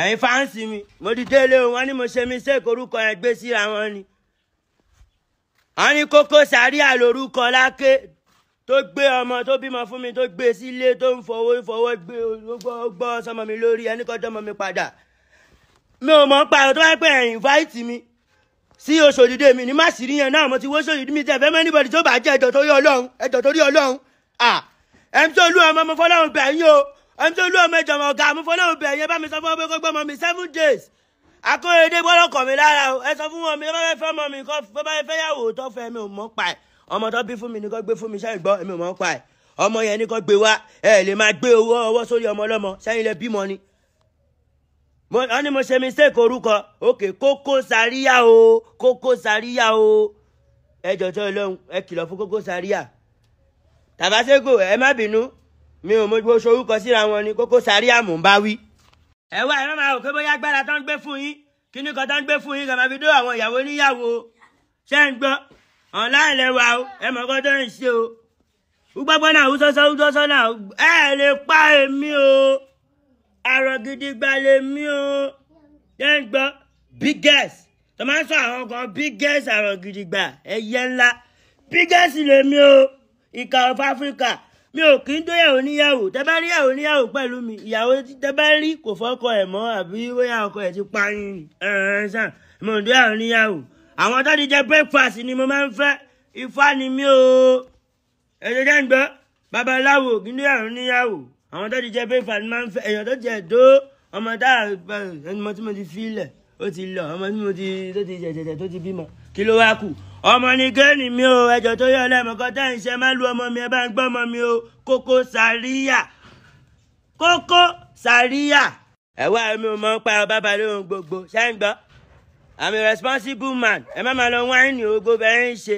ẹ̀yin fáǹsì mi mo ti délé o wọ́n ní mo ṣe mi ṣe ìkorúkọ yẹn gbé síra wọn ni wọ́n ní Koko Zaria lórúkọ láké tó gbé ọmọ tó bímọ fún mi tó gbé sílé tó ń fowó fowó gbé gbọ́ sọmọ mi lórí ẹni kọjọ́ mọ mi padà mi ò mọ̀ ń pààrọ̀ tó bá pẹ́ ẹ̀yìn fáìtì mi sí Ọ̀ṣọ́dìdé mi ní má sì rí yẹn náà mo ti wó Ọ̀ṣọ́dìdé mi tẹ̀ fẹ́ mọ́ anybody tó bá jẹ́ ẹ̀jọ̀ torí Ọlọ́run ẹ̀jọ̀ torí Ọlọ́run à ẹ̀ ń tó lú ọmọ mo fọlọ́run bẹ̀ yín o ẹni tó lú ọmọ ìjọba ọ̀gá mi fọlọ́ òbí ẹ̀yẹ bá mi sọ fún ọmọ ẹgbẹ́ ọmọ mi seven days akóredé gbọ́dọ̀ kọ̀ mí lára ẹ sọ fún wọn mi bá fẹ́ ọmọ mi kọ́ bá fẹ́ yàwó tó fẹ́ mi ò mọ̀ pa ẹ̀ ọmọ tó bí fún mi ni kò gbé fún mi sẹ́yìn gbọ́ èmi ò mọ̀ pa ẹ̀ ọmọ yẹn ni kò gbé wá ẹ lè máa gbé owó ọwọ́ sórí ọmọ ọlọ́mọ sẹ́yìn lẹ bímọ ni. wọ́n ní mo ṣe mistake orúkọ òkè Koko Zaria o Koko Zaria o ẹ jọ̀jọ́ Ọlọ́run ẹ kìlọ̀ fún Koko Zaria tàbá ṣẹ́gò ẹ má bínú mi ò mọ sorúkọ síra wọn ni Koko Zaria mò ń bá wí. ẹ wá ẹ má máa rò pé bóyá agbára tó ń gbé fún yín kíní kan tó ń gbé fún yín kàn máa fi dó àwọn ìyàwó níyàwó ṣé ń gbọ́ ọ̀la ìlẹ̀wà o ẹ mọ̀ kó tó ń ṣe o. gbogbo náà wú sọ́sọ́ náà ẹ lè pa èmi o àrò gidi gba lèmi o ṣé ń gbọ́ biggest tó máa ń sọ àwọn kan biggest àrò gidi gba ẹyẹ ńlá biggest lèmi o ìkà of Africa mi ò kí ń dóyàwó níyàwó tẹ bá rí yàwó níyàwó pẹ̀lú mi ìyàwó tẹ bá rí kò fọ́kọ ẹ̀ mọ́ àbí bóyá ọkọ ẹ̀ ti pààyàn ẹ̀ẹ́n sàn mo ń dóyàwó níyàwó àwọn tó jẹ breakfast ni mo máa ń fẹ́ ifá ni mi ò ẹ̀jẹ̀ jẹ́ ń gbọ́ babaláwo kí ń dóyàwó níyàwó àwọn tó jẹ breakfast ni máa ń fẹ́ èèyàn tó ti dó ọmọ tá ọmọ mo ti fi ilẹ̀ ó ti lọ ọmọ tí mo ti tó ti jẹ̀jẹ̀jẹ̀ tó ti bímọ kí ló wá kù ọmọ ní géènì mi o ẹjọ tó yọ lẹ́mọ̀kọ́ tá ìṣe má lu ọmọ mi ẹ bá ń gbọ́ ọmọ mi o Koko Zaria Koko Zaria ẹ̀wọ́ àmì ò mọ̀ pa bàbá lóhun gbogbo ṣé ń gbọ́ àmì responsible man ẹ má máa lọ wáìnì ogbó bẹ́ẹ̀ ń ṣe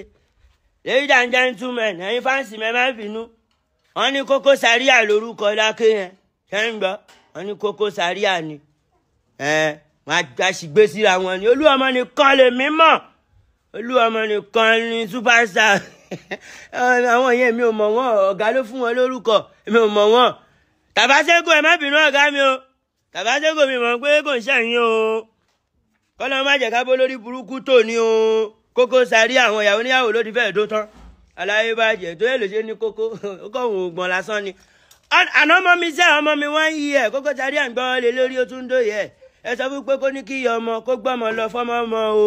ladies and gentlemen ẹ̀yin fáǹsì mẹ́má bínú wọ́n ní Koko Zaria lórúkọ lákè yẹn ṣé ń gbọ́ wọ́n ní Koko Zaria ni ẹ̀ wọ́n á ṣègbè síra wọn ni olú ọmọ nìkan lè mímọ́ olúwọmọ nìkan ni superstar àwọn yẹn mi ò mọ̀ wọ́n ọ̀gá ló fún wọn lórúkọ mi ò mọ̀ wọ́n tàbáṣẹ́gò ẹ̀ má bínú ọ̀gá mi o tàbáṣẹ́gò mi mọ̀ pé kò ń ṣẹ̀yìn o kọ́lọ́ má jẹ́ ká bó lórí burúkú tò ní o kókó sáré àwọn ìyàwó níyàwó ló ti fẹ́ẹ̀ dó tán aláyé bàjẹ́ tó yẹ ló ṣe ní kókó ó kọ̀ òun ògbọ̀n lásán ni àná ọmọ mi sẹ́ ọmọ mi wọ́n yí ẹ̀ kókó sáré àgbọ̀n lé lórí ó tún dóye ẹ̀ ẹ sọ fún pé kó ní kí ọmọ kó gbọ́mọ lọ fọ́mọ́ ọmọ o.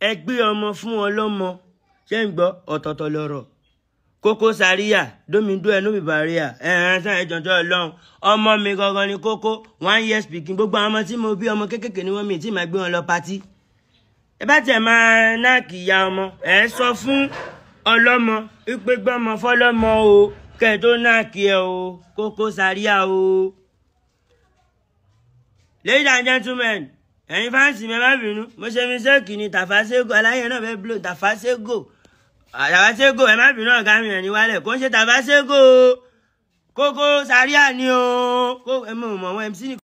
ẹ gbé ọmọ fún ọlọ́mọ ṣé ń gbọ́ ọ̀tọ̀ọ̀tọ̀ lọ́rọ̀ kókó sáríyà domindo ẹnu bìbàríà ẹ̀ẹ́n sáà ìjọ̀jọ́ ọlọ́run ọmọ mi gangan ni kókó one year speaking gbogbo àwọn ọmọ tí mo bí ọmọ kéékèèké ni wọ́n mi tí màá gbé wọn lọ patí ẹ bá tiẹ̀ máa náàkì ìyá ọmọ ẹ sọ fún ọlọ́mọ wípé gbọ́mọ fọlọ́mọ o kẹ́ ẹ tó náàkì ẹ o kókó sáríyà o. ladies and gentlemen ẹ̀yin fáǹsì mi ma bínú mo se mi se ṣéèkì ni tàfàṣégò aláyẹ náà fẹ́ blow tàfàṣégò tàfàṣégò ẹ má bínú ọ̀gá mi ẹ̀ ní wálẹ̀ kò ń ṣe tàfàṣégò kókó sáríà ni o kó ẹ mọ̀ mọ̀ mc ni.